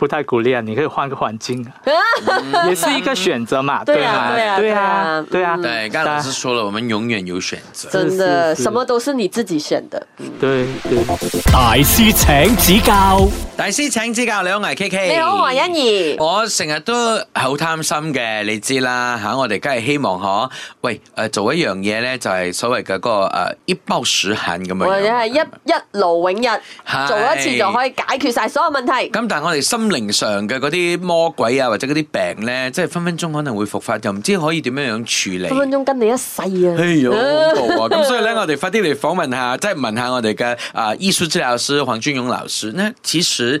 不太鼓勵啊，你可以換個環境啊， 也是一個選擇嘛 對、啊對啊對啊。對啊，對啊，對啊，對啊。對，剛老師說了，我們永遠有選擇。真的，什麼都是你自己選的。對對。大師請指教，大師請指教，你好，我係 K K，你好，黃欣怡。我成日都好貪心嘅，你知啦吓。我哋梗係希望嗬，喂誒、呃，做一樣嘢咧，就係所謂嘅嗰個誒一包鼠恨咁樣，或者係一一勞永逸，做一次就可以解決晒所有問題。咁但係我哋心。靈上嘅嗰啲魔鬼啊，或者嗰啲病咧，即係分分鐘可能會復發，又唔知道可以點樣樣處理。分分鐘跟你一世啊！哎呀，好恐怖啊！咁 所以咧，我哋快啲嚟訪問下，即係問下我哋嘅啊藝術治療師黃俊勇老師咧，其實。